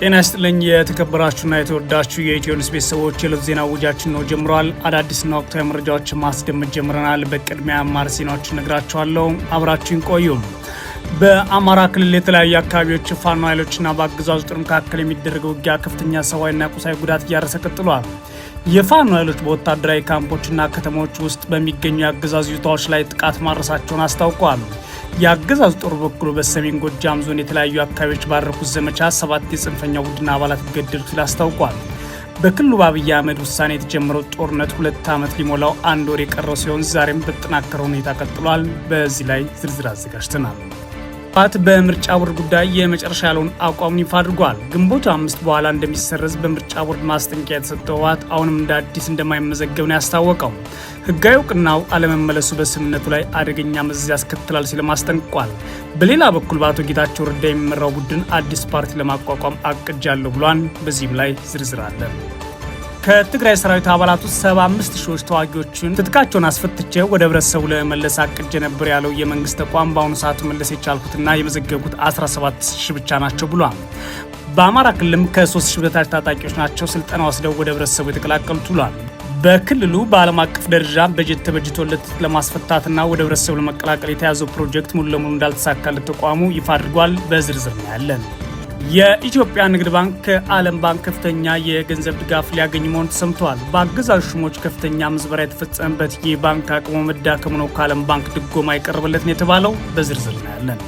ጤና ይስጥልኝ የተከበራችሁና የተወዳችሁ የኢትዮ ኒውስ ቤተሰቦች፣ የዕለቱ ዜና ውጃችን ነው ጀምሯል። አዳዲስና ወቅታዊ መረጃዎችን ማስደመጥ ጀምረናል። በቅድሚያ አማር ዜናዎችን እነግራችኋለሁ። አብራችሁን ቆዩ። በአማራ ክልል የተለያዩ አካባቢዎች ፋኖ ኃይሎችና በአገዛዙ ጦር መካከል የሚደረገው ውጊያ ከፍተኛ ሰብአዊና ቁሳዊ ጉዳት እያደረሰ ቀጥሏል። የፋኖ ኃይሎች በወታደራዊ ካምፖችና ከተሞች ውስጥ በሚገኙ የአገዛዙ ይዞታዎች ላይ ጥቃት ማድረሳቸውን አስታውቋል። የአገዛዙ ጦር በኩሉ በሰሜን ጎጃም ዞን የተለያዩ አካባቢዎች ባረኩት ዘመቻ ሰባት የጽንፈኛ ቡድን አባላት ገደሉ ሲል አስታውቋል። በክልሉ በአብይ አህመድ ውሳኔ የተጀመረው ጦርነት ሁለት ዓመት ሊሞላው አንድ ወር የቀረው ሲሆን ዛሬም በተጠናከረ ሁኔታ ቀጥሏል። በዚህ ላይ ዝርዝር አዘጋጅተናል። ህወሓት በምርጫ ቦርድ ጉዳይ የመጨረሻ ያለውን አቋሙን ይፋ አድርጓል። ግንቦት አምስት በኋላ እንደሚሰረዝ በምርጫ ቦርድ ማስጠንቀቂያ የተሰጠው ህወሓት አሁንም እንደ አዲስ እንደማይመዘገብ ነው ያስታወቀው። ህጋዊ እውቅናው አለመመለሱ በስምምነቱ ላይ አደገኛ መዘዝ ያስከትላል ሲልም አስጠንቅቋል። በሌላ በኩል በአቶ ጌታቸው ረዳ የሚመራው ቡድን አዲስ ፓርቲ ለማቋቋም አቅጃለሁ ብሏን። በዚህም ላይ ዝርዝር አለ። ከትግራይ ሰራዊት አባላት ውስጥ 75 ሺዎች ተዋጊዎችን ትጥቃቸውን አስፈትቼ ወደ ህብረተሰቡ ለመመለስ አቅጄ ነበር ያለው የመንግስት ተቋም በአሁኑ ሰዓት መለስ የቻልኩትና የመዘገብኩት 17 ሺ ብቻ ናቸው ብሏል። በአማራ ክልልም ከ3 ሺ በታች ታጣቂዎች ናቸው ስልጠና ወስደው ወደ ህብረተሰቡ የተቀላቀሉት ብሏል። በክልሉ በዓለም አቀፍ ደረጃ በጀት ተበጅቶለት ለማስፈታትና ወደ ህብረተሰቡ ለመቀላቀል የተያዘው ፕሮጀክት ሙሉ ለሙሉ እንዳልተሳካለት ተቋሙ ይፋ አድርጓል። በዝርዝር እናያለን። የኢትዮጵያ ንግድ ባንክ ከዓለም ባንክ ከፍተኛ የገንዘብ ድጋፍ ሊያገኝ መሆኑ ተሰምተዋል። በአገዛዙ ሹሞች ከፍተኛ ምዝበራ የተፈጸመበት ባንክ አቅሙ መዳከሙ ነው ከዓለም ባንክ ድጎማ የቀረበለት ነው የተባለው። በዝርዝር እናያለን።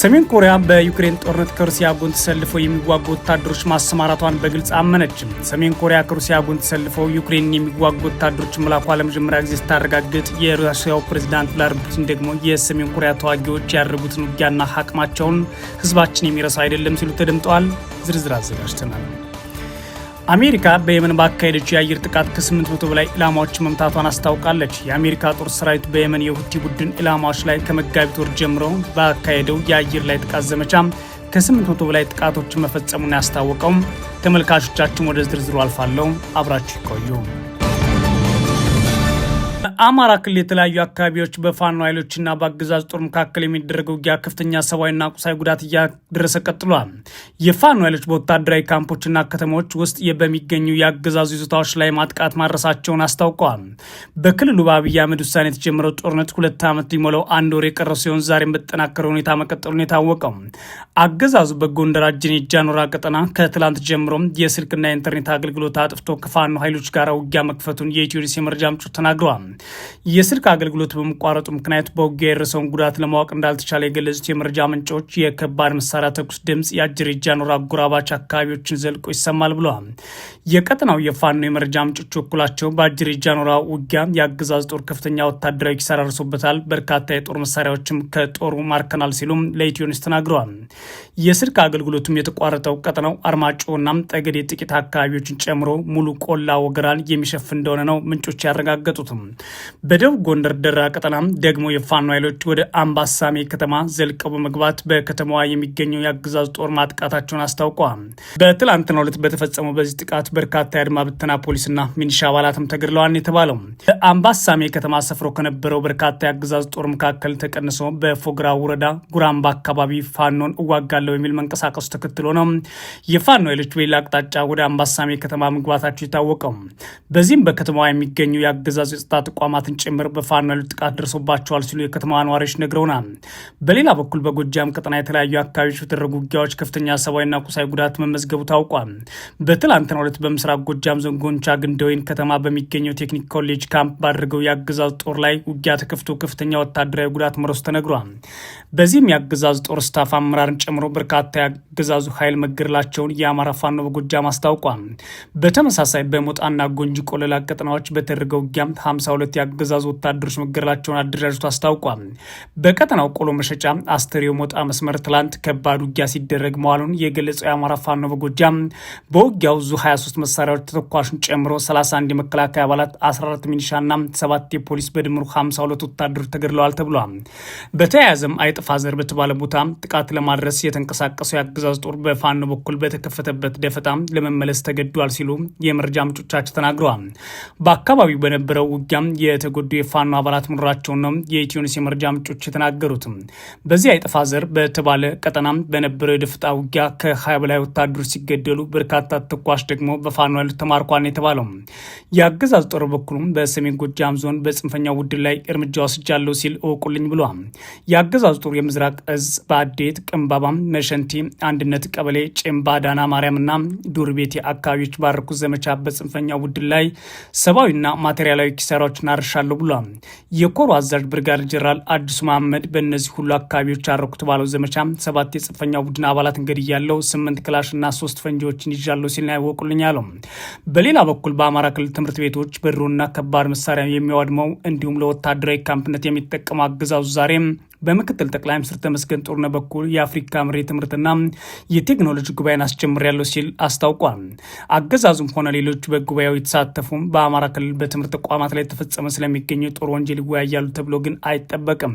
ሰሜን ኮሪያ በዩክሬን ጦርነት ከሩሲያ ጎን ተሰልፈው የሚዋጉ ወታደሮች ማሰማራቷን በግልጽ አመነችም። ሰሜን ኮሪያ ከሩሲያ ጎን ተሰልፈው ዩክሬን የሚዋጉ ወታደሮች መላኳ ለመጀመሪያ ጊዜ ስታረጋግጥ፣ የሩሲያው ፕሬዚዳንት ቭላድሚር ፑቲን ደግሞ የሰሜን ኮሪያ ተዋጊዎች ያደረጉትን ውጊያና አቅማቸውን ህዝባችን የሚረሳው አይደለም ሲሉ ተደምጠዋል። ዝርዝር አዘጋጅተናል። አሜሪካ በየመን ባካሄደችው የአየር ጥቃት ከስምንት መቶ በላይ ኢላማዎችን መምታቷን አስታውቃለች። የአሜሪካ ጦር ሰራዊት በየመን የሁቲ ቡድን ኢላማዎች ላይ ከመጋቢት ወር ጀምሮ ባካሄደው የአየር ላይ ጥቃት ዘመቻ ከስምንት መቶ በላይ ጥቃቶች መፈጸሙን ያስታወቀው። ተመልካቾቻችን ወደ ዝርዝሩ አልፋለሁ፣ አብራችሁ ይቆዩ። በአማራ ክልል የተለያዩ አካባቢዎች በፋኖ ኃይሎችና በአገዛዝ ጦር መካከል የሚደረገው ውጊያ ከፍተኛ ሰብአዊና ቁሳዊ ጉዳት እያደረሰ ቀጥሏል። የፋኖ ኃይሎች በወታደራዊ ካምፖችና ከተሞች ውስጥ በሚገኙ የአገዛዙ ይዞታዎች ላይ ማጥቃት ማድረሳቸውን አስታውቀዋል። በክልሉ በአብይ አህመድ ውሳኔ የተጀመረው ጦርነት ሁለት ዓመት ሊሞላው አንድ ወር የቀረ ሲሆን ዛሬም በተጠናከረ ሁኔታ መቀጠሉን የታወቀው አገዛዙ በጎንደር አጀን የጃኖራ ቀጠና ከትላንት ጀምሮ የስልክና የኢንተርኔት አገልግሎት አጥፍቶ ከፋኖ ኃይሎች ጋር ውጊያ መክፈቱን የኢትዮ የመረጃ ምንጮች ተናግረዋል። የስልክ አገልግሎት በመቋረጡ ምክንያት በውጊያ የደረሰውን ጉዳት ለማወቅ እንዳልተቻለ የገለጹት የመረጃ ምንጮች የከባድ መሳሪያ ተኩስ ድምፅ የአጅሬጃ ኖር አጎራባች አካባቢዎችን ዘልቆ ይሰማል ብለዋል። የቀጠናው የፋኖ የመረጃ ምንጮች በኩላቸው በአጅሬጃ ኖራ ውጊያ የአገዛዝ ጦር ከፍተኛ ወታደራዊ ኪሳራ ደርሶበታል፣ በርካታ የጦር መሳሪያዎችም ከጦሩ ማርከናል ሲሉም ለኢትዮ ተናግረዋል። የስልክ አገልግሎቱም የተቋረጠው ቀጠናው አርማጭሆና ጠገዴ ጥቂት አካባቢዎችን ጨምሮ ሙሉ ቆላ ወገራን የሚሸፍን እንደሆነ ነው ምንጮች ያረጋገጡትም። በደቡብ ጎንደር ደራ ቀጠናም ደግሞ የፋኖ ኃይሎች ወደ አምባሳሜ ከተማ ዘልቀው በመግባት በከተማዋ የሚገኘው የአገዛዙ ጦር ማጥቃታቸውን አስታውቀዋል። በትላንትናው ዕለት በተፈጸመው በዚህ ጥቃት በርካታ የአድማ ብተና ፖሊስና ሚኒሻ አባላትም ተገድለዋል የተባለው በአምባሳሜ ከተማ ሰፍሮ ከነበረው በርካታ የአግዛዝ ጦር መካከል ተቀንሶ በፎግራ ወረዳ ጉራምባ አካባቢ ፋኖን እዋጋለው የሚል መንቀሳቀሱ ተከትሎ ነው የፋኖ ኃይሎች በሌላ አቅጣጫ ወደ አምባሳሜ ከተማ መግባታቸው የታወቀው። በዚህም በከተማዋ የሚገኙ የአገዛዙ የጸጥታ ተቋማትን ጭምር በፋኖ ጥቃት ደርሶባቸዋል ሲሉ የከተማ ነዋሪዎች ነግረውናል። በሌላ በኩል በጎጃም ቀጠና የተለያዩ አካባቢዎች በተደረጉ ውጊያዎች ከፍተኛ ሰብአዊና ቁሳዊ ጉዳት መመዝገቡ ታውቋል። በትላንትናው ዕለት በምስራቅ ጎጃም ዞን ጎንቻ ግንደወይን ከተማ በሚገኘው ቴክኒክ ኮሌጅ ካምፕ ባደረገው የአገዛዝ ጦር ላይ ውጊያ ተከፍቶ ከፍተኛ ወታደራዊ ጉዳት መረሱ ተነግሯል። በዚህም የአገዛዝ ጦር ስታፍ አመራርን ጨምሮ በርካታ የአገዛዙ ኃይል መገደላቸውን የአማራ ፋኖ በጎጃም አስታውቋል። በተመሳሳይ በሞጣና ጎንጂ ቆለላ ቀጠናዎች በተደረገው ውጊያም 52 ሁለት የአገዛዙ ወታደሮች መገደላቸውን አደራጅቱ አስታውቋል። በቀጠናው ቆሎ መሸጫ አስተሪዮ ሞጣ መስመር ትላንት ከባድ ውጊያ ሲደረግ መዋሉን የገለጸው የአማራ ፋኖ በጎጃም በውጊያው ዙ 23 መሳሪያዎች ተተኳሹን ጨምሮ 31 የመከላከያ አባላት 14 ሚኒሻና 7 የፖሊስ በድምሩ 52 ወታደሮች ተገድለዋል ተብሏል። በተያያዘም አይጥፋ ዘር በተባለ ቦታ ጥቃት ለማድረስ የተንቀሳቀሰው የአገዛዝ ጦር በፋኖ በኩል በተከፈተበት ደፈጣ ለመመለስ ተገዷል ሲሉ የመረጃ ምንጮቻቸው ተናግረዋል። በአካባቢው በነበረው ውጊያም የተጎዱ የፋኖ አባላት መኖራቸውን ነው የኢትዮኒስ የመረጃ ምንጮች የተናገሩት በዚህ አይጠፋ ዘር በተባለ ቀጠናም በነበረው የደፍጣ ውጊያ ከሀያ በላይ ወታደሮች ሲገደሉ በርካታ ተኳሽ ደግሞ በፋኖ ያሉት ተማርኳን የተባለው የአገዛዝ ጦር በኩሉም በሰሜን ጎጃም ዞን በጽንፈኛ ቡድን ላይ እርምጃ ወስጃለሁ ሲል እወቁልኝ ብሏል። የአገዛዝ ጦር የምዝራቅ እዝ በአዴት ቅንባባም፣ መሸንቲ፣ አንድነት ቀበሌ፣ ጭምባ፣ ዳና ማርያም እና ዱር ቤቴ አካባቢዎች ባረኩት ዘመቻ በጽንፈኛ ቡድን ላይ ሰብአዊና ማቴሪያላዊ ኪሳራዎችና አርሻለሁ ብሏል። የኮሩ አዛዥ ብርጋዴር ጀራል አዲሱ መሐመድ በእነዚህ ሁሉ አካባቢዎች ያረኩት ባለው ዘመቻ ሰባት የጽንፈኛ ቡድን አባላት እንግዲህ ያለው ስምንት ክላሽና ሶስት ፈንጂዎችን ይዣለሁ ሲል ያወቁልኝ አለው። በሌላ በኩል በአማራ ክልል ትምህርት ቤቶች በድሮና ከባድ መሳሪያ የሚያወድመው እንዲሁም ለወታደራዊ ካምፕነት የሚጠቀመው አገዛዙ ዛሬም በምክትል ጠቅላይ ሚኒስትር ተመስገን ጦርነ በኩል የአፍሪካ መሪ ትምህርትና የቴክኖሎጂ ጉባኤን ያለው ሲል አስታውቋል። አገዛዙም ሆነ ሌሎች በጉባኤው የተሳተፉም በአማራ ክልል በትምህርት ተቋማት ላይ ተፈጸመ ስለሚገኙ የጦር ወንጀል ይወያያሉ ተብሎ ግን አይጠበቅም።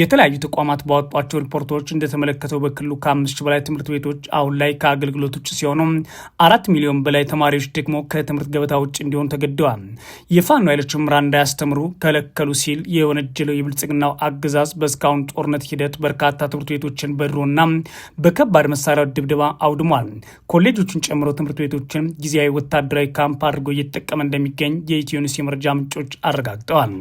የተለያዩ ተቋማት ባወጧቸው ሪፖርቶች እንደተመለከተው በክልሉ ከአምስት በላይ ትምህርት ቤቶች አሁን ላይ ከአገልግሎት ውጭ ሲሆኑ አራት ሚሊዮን በላይ ተማሪዎች ደግሞ ከትምህርት ገበታ ውጭ እንዲሆኑ ተገደዋል። የፋኖ ኃይሎች ምራ እንዳያስተምሩ ከለከሉ ሲል የወነጀለው የብልጽግናው አገዛዝ በእስካሁን የአስመራውን ጦርነት ሂደት በርካታ ትምህርት ቤቶችን በድሮና በከባድ መሳሪያ ድብደባ አውድሟል። ኮሌጆችን ጨምሮ ትምህርት ቤቶችን ጊዜያዊ ወታደራዊ ካምፕ አድርጎ እየተጠቀመ እንደሚገኝ የኢትዮኒስ የመረጃ ምንጮች አረጋግጠዋል።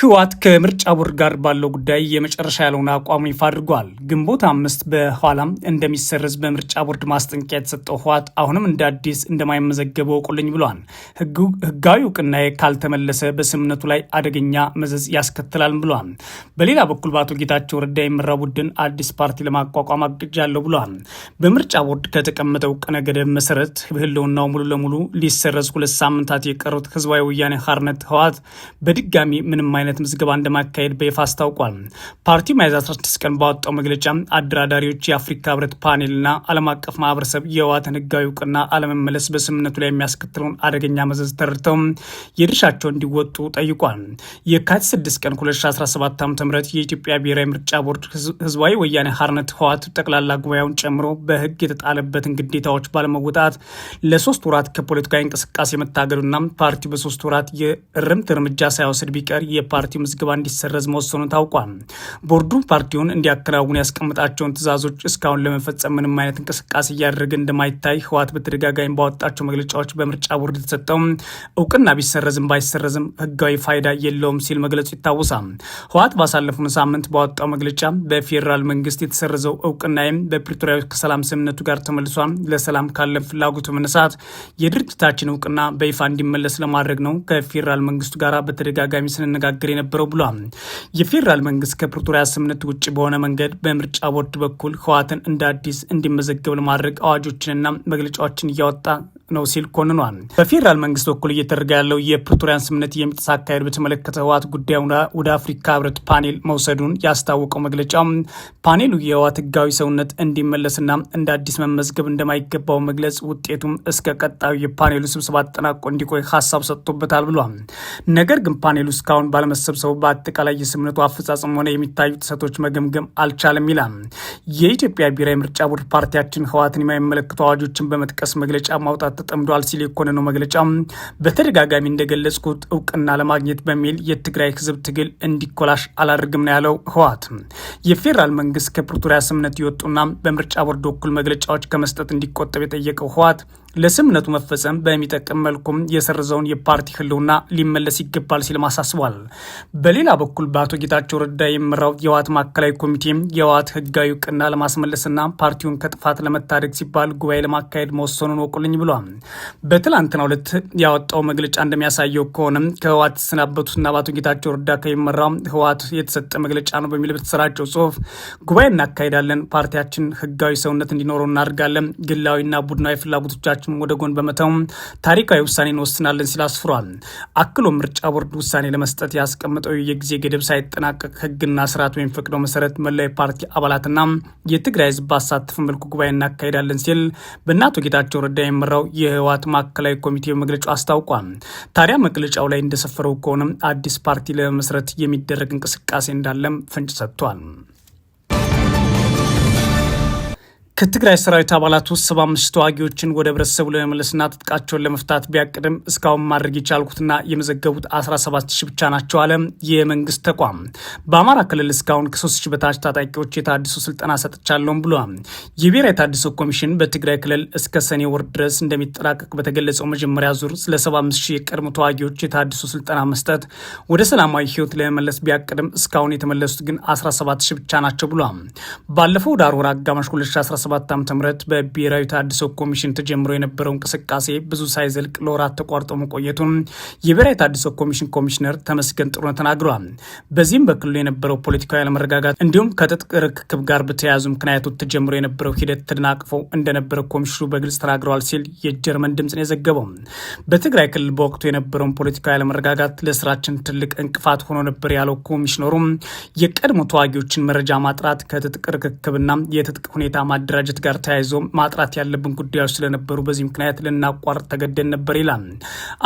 ህወሓት ከምርጫ ቦርድ ጋር ባለው ጉዳይ የመጨረሻ ያለውን አቋሙ ይፋ አድርጓል። ግንቦት አምስት በኋላም እንደሚሰረዝ በምርጫ ቦርድ ማስጠንቀቂያ የተሰጠው ህወሓት አሁንም እንደ አዲስ እንደማይመዘገበው እውቁልኝ ብሏል። ህጋዊ እውቅና ካልተመለሰ በስምነቱ ላይ አደገኛ መዘዝ ያስከትላል ብሏል። በሌላ በኩል በአቶ ጌታቸው ረዳ የሚመራው ቡድን አዲስ ፓርቲ ለማቋቋም አቅጃለሁ ብሏል። በምርጫ ቦርድ ከተቀመጠው ቀነ ገደብ መሰረት ህልውናው ሙሉ ለሙሉ ሊሰረዝ ሁለት ሳምንታት የቀሩት ህዝባዊ ወያኔ ሓርነት ህወሓት በድጋሚ ምንም አይነት አይነት ምዝገባ እንደማካሄድ በይፋ አስታውቋል። ፓርቲው ሚያዝያ 16 ቀን ባወጣው መግለጫ አደራዳሪዎች የአፍሪካ ህብረት ፓኔልና ዓለም አቀፍ ማህበረሰብ የህወሓትን ህጋዊ እውቅና አለመመለስ በስምምነቱ ላይ የሚያስከትለውን አደገኛ መዘዝ ተረድተው የድርሻቸውን እንዲወጡ ጠይቋል። የካቲት 6 ቀን 2017 ዓ ም የኢትዮጵያ ብሔራዊ ምርጫ ቦርድ ህዝባዊ ወያኔ ሀርነት ህወሓት ጠቅላላ ጉባኤውን ጨምሮ በህግ የተጣለበትን ግዴታዎች ባለመወጣት ለሶስት ወራት ከፖለቲካዊ እንቅስቃሴ መታገዱና ፓርቲው በሶስት ወራት የእርምት እርምጃ ሳይወስድ ቢቀር የፓርቲው ምዝገባ እንዲሰረዝ መወሰኑ ታውቋል። ቦርዱ ፓርቲውን እንዲያከናውኑ ያስቀምጣቸውን ትዕዛዞች እስካሁን ለመፈጸም ምንም አይነት እንቅስቃሴ እያደረገ እንደማይታይ ህወሓት በተደጋጋሚ ባወጣቸው መግለጫዎች በምርጫ ቦርድ የተሰጠው እውቅና ቢሰረዝም ባይሰረዝም ህጋዊ ፋይዳ የለውም ሲል መግለጹ ይታወሳል። ህወሓት ባሳለፉን ሳምንት ባወጣው መግለጫ በፌዴራል መንግስት የተሰረዘው እውቅናይም በፕሪቶሪያ ከሰላም ስምምነቱ ጋር ተመልሷል። ለሰላም ካለን ፍላጎቱ መነሳት የድርጅታችን እውቅና በይፋ እንዲመለስ ለማድረግ ነው። ከፌዴራል መንግስቱ ጋር በተደጋጋሚ ስንነጋገ ሲናገር የነበረው ብሏል። የፌዴራል መንግስት ከፕሪቶሪያ ስምምነት ውጭ በሆነ መንገድ በምርጫ ቦርድ በኩል ህወሓትን እንደ አዲስ እንዲመዘገብ ለማድረግ አዋጆችንና መግለጫዎችን እያወጣ ነው ሲል ኮንኗል። በፌዴራል መንግስት በኩል እየተደረገ ያለው የፕሪቶሪያን ስምምነት የሚጥስ አካሄድ በተመለከተ ህወሓት ጉዳዩ ወደ አፍሪካ ህብረት ፓኔል መውሰዱን ያስታወቀው መግለጫ ፓኔሉ የህወሓት ህጋዊ ሰውነት እንዲመለስና እንደ አዲስ መመዝገብ እንደማይገባው መግለጽ ውጤቱም እስከ ቀጣዩ የፓኔሉ ስብሰባ አጠናቆ እንዲቆይ ሀሳብ ሰጥቶበታል ብሏል። ነገር ግን ፓኔሉ እስካሁን ባለ በመሰብሰቡ በአጠቃላይ የስምምነቱ አፈጻጸም ሆነ የሚታዩ ጥሰቶች መገምገም አልቻለም ይላል። የኢትዮጵያ ብሔራዊ ምርጫ ቦርድ ፓርቲያችን ህወሓትን የማይመለክቱ አዋጆችን በመጥቀስ መግለጫ ማውጣት ተጠምዷል ሲል የኮነነው መግለጫ በተደጋጋሚ እንደገለጽኩት እውቅና ለማግኘት በሚል የትግራይ ህዝብ ትግል እንዲኮላሽ አላደርግም ነው ያለው ህወሓት። የፌዴራል መንግስት ከፕሪቶሪያ ስምምነት የወጡና በምርጫ ቦርድ በኩል መግለጫዎች ከመስጠት እንዲቆጠብ የጠየቀው ህወሓት ለስምምነቱ መፈጸም በሚጠቅም መልኩም የሰረዘውን የፓርቲ ህልውና ሊመለስ ይገባል ሲል አሳስቧል። በሌላ በኩል በአቶ ጌታቸው ረዳ የሚመራው የህወሓት ማዕከላዊ ኮሚቴ የህወሓት ህጋዊ እውቅና ለማስመለስና ፓርቲውን ከጥፋት ለመታደግ ሲባል ጉባኤ ለማካሄድ መወሰኑን ወቁልኝ ብሏል። በትላንትናው ዕለት ያወጣው መግለጫ እንደሚያሳየው ከሆነም ከህወሓት የተሰናበቱትና በአቶ ጌታቸው ረዳ ከሚመራው ህወሓት የተሰጠ መግለጫ ነው በሚል በተሰራጨው ጽሁፍ ጉባኤ እናካሄዳለን፣ ፓርቲያችን ህጋዊ ሰውነት እንዲኖረው እናደርጋለን፣ ግላዊና ቡድናዊ ፍላጎቶቻችን ወደ ጎን በመተው ታሪካዊ ውሳኔ እንወስናለን ሲል አስፍሯል። አክሎ ምርጫ ቦርድ ውሳኔ ለመስጠት ያስቀምጠው የጊዜ ገደብ ሳይጠናቀቅ ህግና ስርዓት በሚፈቅደው መሰረት መላው ፓርቲ አባላትና የትግራይ ህዝብ ባሳትፍ መልኩ ጉባኤ እናካሄዳለን ሲል በእናቶ ጌታቸው ረዳ የመራው የህወሓት ማዕከላዊ ኮሚቴ መግለጫው አስታውቋል። ታዲያ መግለጫው ላይ እንደሰፈረው ከሆነ አዲስ ፓርቲ ለመመስረት የሚደረግ እንቅስቃሴ እንዳለም ፍንጭ ሰጥቷል። ከትግራይ ሰራዊት አባላት ውስጥ ሰባ አምስት ተዋጊዎችን ወደ ህብረተሰቡ ለመመለስና ትጥቃቸውን ለመፍታት ቢያቅድም እስካሁን ማድረግ የቻልኩትና የመዘገቡት 17 ሺህ ብቻ ናቸው አለ የመንግስት ተቋም። በአማራ ክልል እስካሁን ከሶስት ሺህ በታች ታጣቂዎች የታድሶ ስልጠና ሰጥቻለሁም ብሏል። የብሔራዊ ታድሶ ኮሚሽን በትግራይ ክልል እስከ ሰኔ ወር ድረስ እንደሚጠናቀቅ በተገለጸው መጀመሪያ ዙር ስለ 75 ሺህ የቀድሞ ተዋጊዎች የታድሶ ስልጠና መስጠት ወደ ሰላማዊ ህይወት ለመመለስ ቢያቅድም እስካሁን የተመለሱት ግን 17 ሺህ ብቻ ናቸው ብሏል። ባለፈው ዳር ወር አጋማሽ 2017 2017 ዓ ም በብሔራዊ ተሃድሶ ኮሚሽን ተጀምሮ የነበረው እንቅስቃሴ ብዙ ሳይዘልቅ ለወራት ተቋርጦ መቆየቱን የብሔራዊ ተሃድሶ ኮሚሽን ኮሚሽነር ተመስገን ጥሩነህ ተናግረዋል። በዚህም በክልሉ የነበረው ፖለቲካዊ አለመረጋጋት እንዲሁም ከትጥቅ ርክክብ ጋር በተያያዙ ምክንያቶች ተጀምሮ የነበረው ሂደት ተደናቅፎ እንደነበረ ኮሚሽኑ በግልጽ ተናግረዋል ሲል የጀርመን ድምፅ ነው የዘገበው። በትግራይ ክልል በወቅቱ የነበረውን ፖለቲካዊ አለመረጋጋት ለስራችን ትልቅ እንቅፋት ሆኖ ነበር ያለው ኮሚሽነሩም የቀድሞ ተዋጊዎችን መረጃ ማጥራት ከትጥቅ ርክክብና የትጥቅ ሁኔታ ማደራ ከማደራጀት ጋር ተያይዞ ማጥራት ያለብን ጉዳዮች ስለነበሩ በዚህ ምክንያት ልናቋርጥ ተገደን ነበር ይላል።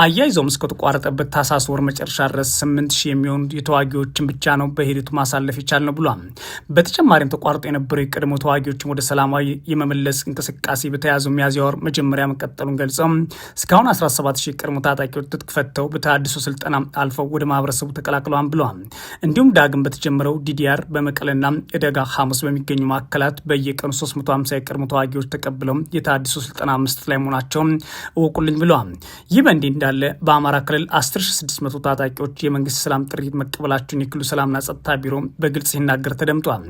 አያይዘውም እስከተቋረጠበት ታህሳስ ወር መጨረሻ ድረስ ስምንት ሺህ የሚሆኑ የተዋጊዎችን ብቻ ነው በሂደቱ ማሳለፍ ይቻል ነው ብሏል። በተጨማሪም ተቋርጦ የነበረው የቀድሞ ተዋጊዎችን ወደ ሰላማዊ የመመለስ እንቅስቃሴ በተያዘው ሚያዝያ ወር መጀመሪያ መቀጠሉን ገልጸው እስካሁን 17 ሺህ የቀድሞ ታጣቂዎች ትጥቅ ፈተው በተሃድሶ ስልጠና አልፈው ወደ ማህበረሰቡ ተቀላቅለዋል ብለዋል። እንዲሁም ዳግም በተጀመረው ዲዲአር በመቀለና እደጋ ሐሙስ በሚገኙ ማዕከላት በየቀኑ ሀምሳ የቀድሞ ተዋጊዎች ተቀብለው የተዲሱ ስልጠና ምስት ላይ መሆናቸውን እወቁልኝ ብለዋል። ይህ በእንዲህ እንዳለ በአማራ ክልል 10600 ታጣቂዎች የመንግስት ሰላም ጥሪ መቀበላቸውን የክልሉ ሰላምና ጸጥታ ቢሮ በግልጽ ሲናገር ተደምጧል።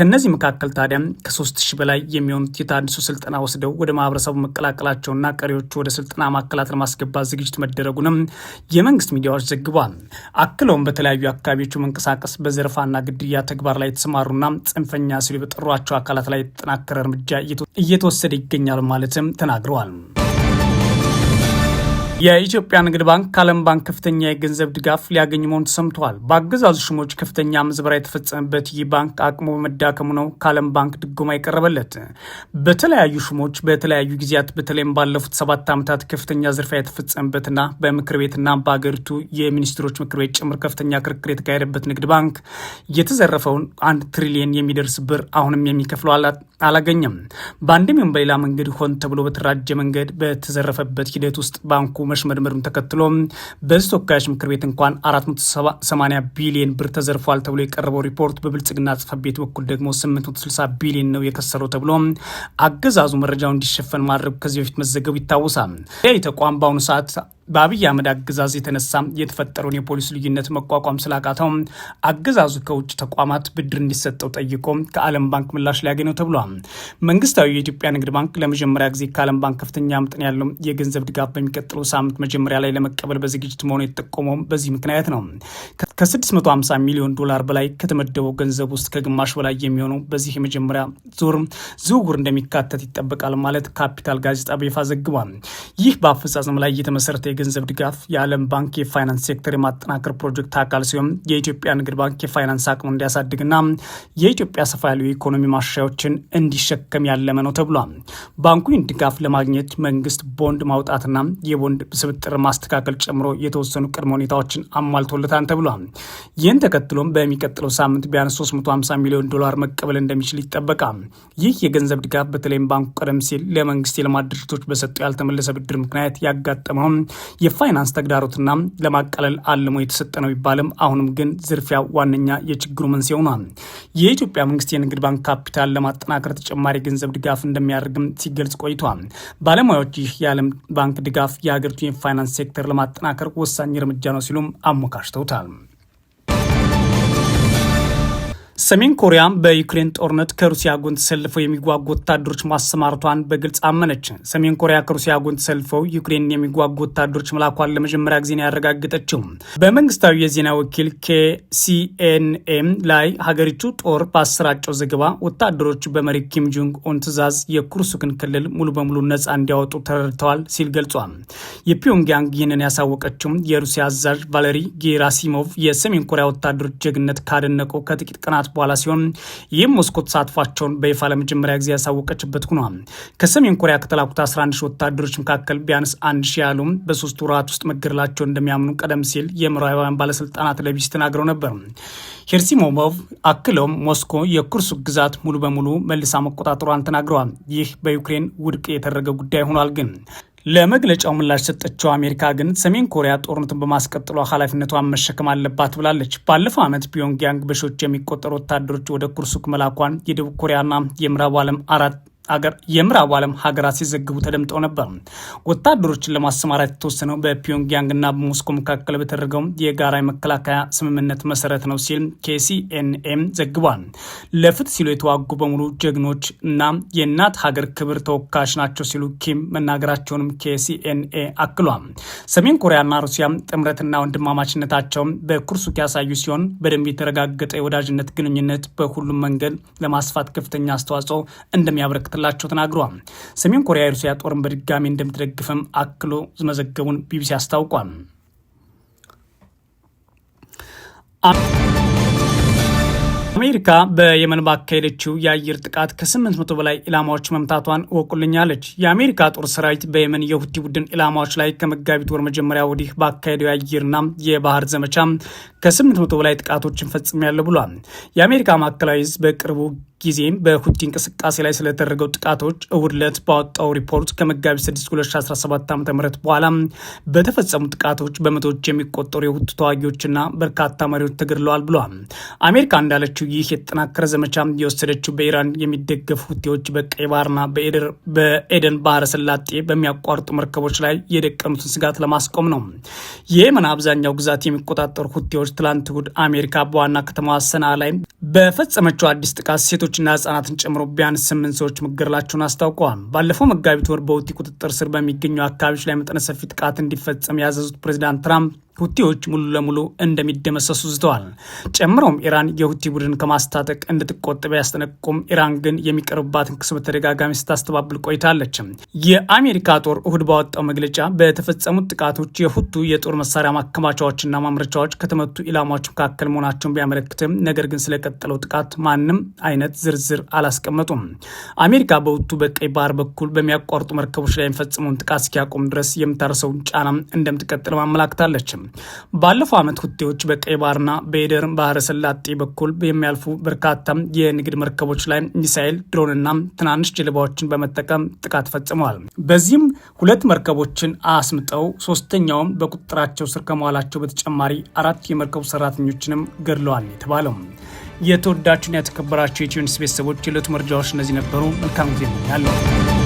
ከእነዚህ መካከል ታዲያ ከ3000 በላይ የሚሆኑት የታዲሱ ስልጠና ወስደው ወደ ማህበረሰቡ መቀላቀላቸውና ቀሪዎቹ ወደ ስልጠና ማዕከላት ለማስገባት ዝግጅት መደረጉንም የመንግስት ሚዲያዎች ዘግቧል። አክለውም በተለያዩ አካባቢዎቹ መንቀሳቀስ በዘረፋና ግድያ ተግባር ላይ የተሰማሩና ጽንፈኛ ሲሉ በጠሯቸው አካላት ላይ የተጠናከረ እርምጃ እየተወሰደ ይገኛል ማለትም ተናግረዋል። የኢትዮጵያ ንግድ ባንክ ከዓለም ባንክ ከፍተኛ የገንዘብ ድጋፍ ሊያገኝ መሆኑ ተሰምተዋል። በአገዛዙ ሹሞች ከፍተኛ ምዝበራ የተፈጸመበት ይህ ባንክ አቅሙ በመዳከሙ ነው ከዓለም ባንክ ድጎማ የቀረበለት። በተለያዩ ሹሞች በተለያዩ ጊዜያት በተለይም ባለፉት ሰባት ዓመታት ከፍተኛ ዝርፊያ የተፈጸመበትና በምክር ቤትና በአገሪቱ የሚኒስትሮች ምክር ቤት ጭምር ከፍተኛ ክርክር የተካሄደበት ንግድ ባንክ የተዘረፈውን አንድ ትሪሊየን የሚደርስ ብር አሁንም የሚከፍለው አላገኘም። በአንድም በሌላ መንገድ ሆን ተብሎ በተራጀ መንገድ በተዘረፈበት ሂደት ውስጥ ባንኩ መሽመድመዱን ተከትሎ በዚህ ተወካዮች ምክር ቤት እንኳን 480 ቢሊዮን ብር ተዘርፏል ተብሎ የቀረበው ሪፖርት በብልጽግና ጽፈት ቤት በኩል ደግሞ 860 ቢሊዮን ነው የከሰረው ተብሎ አገዛዙ መረጃው እንዲሸፈን ማድረጉ ከዚህ በፊት መዘገቡ ይታወሳል። ይህ ተቋም በአሁኑ ሰዓት በአብይ አህመድ አገዛዝ የተነሳ የተፈጠረውን የፖሊስ ልዩነት መቋቋም ስላቃተው አገዛዙ ከውጭ ተቋማት ብድር እንዲሰጠው ጠይቆ ከዓለም ባንክ ምላሽ ላይ ያገኘው ተብሏል። መንግስታዊ የኢትዮጵያ ንግድ ባንክ ለመጀመሪያ ጊዜ ከዓለም ባንክ ከፍተኛ መጠን ያለው የገንዘብ ድጋፍ በሚቀጥለው ሳምንት መጀመሪያ ላይ ለመቀበል በዝግጅት መሆኑ የተጠቆመው በዚህ ምክንያት ነው። ከ650 ሚሊዮን ዶላር በላይ ከተመደበው ገንዘብ ውስጥ ከግማሽ በላይ የሚሆነው በዚህ የመጀመሪያ ዙር ዝውውር እንደሚካተት ይጠበቃል ማለት ካፒታል ጋዜጣ በይፋ ዘግቧል። ይህ በአፈጻጸም ላይ እየተመሰረተ የገንዘብ ድጋፍ የዓለም ባንክ የፋይናንስ ሴክተር የማጠናከር ፕሮጀክት አካል ሲሆን የኢትዮጵያ ንግድ ባንክ የፋይናንስ አቅሙ እንዲያሳድግና የኢትዮጵያ ሰፋ ያሉ የኢኮኖሚ ማሻሻያዎችን እንዲሸከም ያለመ ነው ተብሏል። ባንኩ ይህን ድጋፍ ለማግኘት መንግስት ቦንድ ማውጣትና የቦንድ ስብጥር ማስተካከል ጨምሮ የተወሰኑ ቅድመ ሁኔታዎችን አሟልቶለታል ተብሏል። ይህን ተከትሎም በሚቀጥለው ሳምንት ቢያንስ 350 ሚሊዮን ዶላር መቀበል እንደሚችል ይጠበቃል። ይህ የገንዘብ ድጋፍ በተለይም ባንኩ ቀደም ሲል ለመንግስት የልማት ድርጅቶች በሰጠው ያልተመለሰ ብድር ምክንያት ያጋጠመውም የፋይናንስ ተግዳሮትና ለማቀለል አልሞ የተሰጠ ነው ቢባልም አሁንም ግን ዝርፊያ ዋነኛ የችግሩ መንስኤ ሆኗል። የኢትዮጵያ መንግስት የንግድ ባንክ ካፒታል ለማጠናከር ተጨማሪ ገንዘብ ድጋፍ እንደሚያደርግም ሲገልጽ ቆይቷል። ባለሙያዎች ይህ የዓለም ባንክ ድጋፍ የሀገሪቱ የፋይናንስ ሴክተር ለማጠናከር ወሳኝ እርምጃ ነው ሲሉም አሞካሽተውታል። ሰሜን ኮሪያ በዩክሬን ጦርነት ከሩሲያ ጎን ተሰልፈው የሚጓጉ ወታደሮች ማሰማርቷን በግልጽ አመነች። ሰሜን ኮሪያ ከሩሲያ ጎን ተሰልፈው ዩክሬን የሚጓጉ ወታደሮች መላኳን ለመጀመሪያ ጊዜ ያረጋገጠችው በመንግስታዊ የዜና ወኪል ኬሲኤንኤም ላይ ሀገሪቱ ጦር ባሰራጨው ዘገባ ወታደሮቹ በመሪ ኪም ጆንግ ኦን ትዕዛዝ የኩርሱክን ክልል ሙሉ በሙሉ ነፃ እንዲያወጡ ተረድተዋል ሲል ገልጿል። የፒዮንግያንግ ይህንን ያሳወቀችው የሩሲያ አዛዥ ቫለሪ ጌራሲሞቭ የሰሜን ኮሪያ ወታደሮች ጀግነት ካደነቀው ከጥቂት ቀናት ከቀናት በኋላ ሲሆን ይህም ሞስኮ ተሳትፏቸውን በይፋ ለመጀመሪያ ጊዜ ያሳወቀችበት ሆኗል። ከሰሜን ኮሪያ ከተላኩት 11 ወታደሮች መካከል ቢያንስ አንድ ሺ ያሉም በሶስት ወራት ውስጥ መገደላቸውን እንደሚያምኑ ቀደም ሲል የምዕራባውያን ባለስልጣናት ለቢስ ተናግረው ነበር። ሄርሲሞቭ አክለውም ሞስኮ የኩርሱ ግዛት ሙሉ በሙሉ መልሳ መቆጣጠሯን ተናግረዋል። ይህ በዩክሬን ውድቅ የተደረገ ጉዳይ ሆኗል ግን ለመግለጫው ምላሽ ሰጠችው። አሜሪካ ግን ሰሜን ኮሪያ ጦርነትን በማስቀጠሏ ኃላፊነቷን መሸከም አለባት ብላለች። ባለፈው ዓመት ፒዮንግያንግ በሺዎች የሚቆጠሩ ወታደሮች ወደ ኩርሱክ መላኳን የደቡብ ኮሪያና የምዕራቡ ዓለም አራት አገር የምዕራብ ዓለም ሀገራት ሲዘግቡ ተደምጠው ነበር። ወታደሮችን ለማሰማራት የተወሰነው በፒዮንግያንግና በሞስኮ መካከል በተደረገው የጋራ የመከላከያ ስምምነት መሰረት ነው ሲል ኬሲኤንኤም ዘግቧል። ለፍትህ ሲሉ የተዋጉ በሙሉ ጀግኖች እና የእናት ሀገር ክብር ተወካዮች ናቸው ሲሉ ኪም መናገራቸውንም ኬሲኤንኤ አክሏል። ሰሜን ኮሪያና ሩሲያ ጥምረትና ወንድማማችነታቸውን በኩርሱክ ያሳዩ ሲሆን በደንብ የተረጋገጠ የወዳጅነት ግንኙነት በሁሉም መንገድ ለማስፋት ከፍተኛ አስተዋጽኦ እንደሚያበረክት እንደሚላክላቸው ተናግረዋል። ሰሜን ኮሪያ የሩሲያ ጦርን በድጋሚ እንደምትደግፍም አክሎ መዘገቡን ቢቢሲ አስታውቋል። አሜሪካ በየመን ባካሄደችው የአየር ጥቃት ከ800 በላይ ኢላማዎች መምታቷን እወቁልኛለች። የአሜሪካ ጦር ሰራዊት በየመን የሁቲ ቡድን ኢላማዎች ላይ ከመጋቢት ወር መጀመሪያ ወዲህ ባካሄደው የአየርና የባህር ዘመቻ ከስምንት መቶ በላይ ጥቃቶችን ፈጽሜያለሁ ብሏል። የአሜሪካ ማዕከላዊ ህዝብ በቅርቡ ጊዜም በሁቲ እንቅስቃሴ ላይ ስለተደረገው ጥቃቶች እሁድ ዕለት ባወጣው ሪፖርት ከመጋቢት 6 2017 ዓ ም በኋላ በተፈጸሙ ጥቃቶች በመቶዎች የሚቆጠሩ የሁቲ ተዋጊዎችና በርካታ መሪዎች ተገድለዋል ብሏል። አሜሪካ እንዳለችው ይህ የተጠናከረ ዘመቻ የወሰደችው በኢራን የሚደገፉ ሁቲዎች በቀይ ባህርና በኤደን ባህረ ሰላጤ በሚያቋርጡ መርከቦች ላይ የደቀኑትን ስጋት ለማስቆም ነው። የየመን አብዛኛው ግዛት የሚቆጣጠሩ ሁቲዎች ትላንት እሁድ አሜሪካ በዋና ከተማዋ ሰና ላይ በፈጸመችው አዲስ ጥቃት ሴቶችና ህጻናትን ጨምሮ ቢያንስ ስምንት ሰዎች መገደላቸውን አስታውቀዋል። ባለፈው መጋቢት ወር በሁቲ ቁጥጥር ስር በሚገኙ አካባቢዎች ላይ መጠነ ሰፊ ጥቃት እንዲፈጸም ያዘዙት ፕሬዚዳንት ትራምፕ ሁቲዎች ሙሉ ለሙሉ እንደሚደመሰሱ ዝተዋል። ጨምረውም ኢራን የሁቲ ቡድን ከማስታጠቅ እንድትቆጠበ ያስጠነቅቁም። ኢራን ግን የሚቀርብባትን ክስ በተደጋጋሚ ስታስተባብል ቆይታለች። የአሜሪካ ጦር እሁድ ባወጣው መግለጫ በተፈጸሙት ጥቃቶች የሁቱ የጦር መሳሪያ ማከማቻዎችና ማምረቻዎች ከተመቱ ኢላማዎች መካከል መሆናቸውን ቢያመለክትም ነገር ግን ስለቀጠለው ጥቃት ማንም አይነት ዝርዝር አላስቀመጡም። አሜሪካ በሁቱ በቀይ ባህር በኩል በሚያቋርጡ መርከቦች ላይ የሚፈጽመውን ጥቃት እስኪያቆም ድረስ የምታርሰውን ጫና እንደምትቀጥል ማመላክታለች። ባለፈው ዓመት ሁቴዎች በቀይ ባህርና በኤደር ባህረ ሰላጤ በኩል የሚያልፉ በርካታ የንግድ መርከቦች ላይ ሚሳኤል፣ ድሮንና ትናንሽ ጀልባዎችን በመጠቀም ጥቃት ፈጽመዋል። በዚህም ሁለት መርከቦችን አስምጠው ሶስተኛውም በቁጥጥራቸው ስር ከመዋላቸው በተጨማሪ አራት የመርከቡ ሰራተኞችንም ገድለዋል የተባለው። የተወዳችሁን ያተከበራቸው የኢትዮኒውስ ቤተሰቦች የዕለቱ መረጃዎች እነዚህ ነበሩ። መልካም ጊዜ ያለው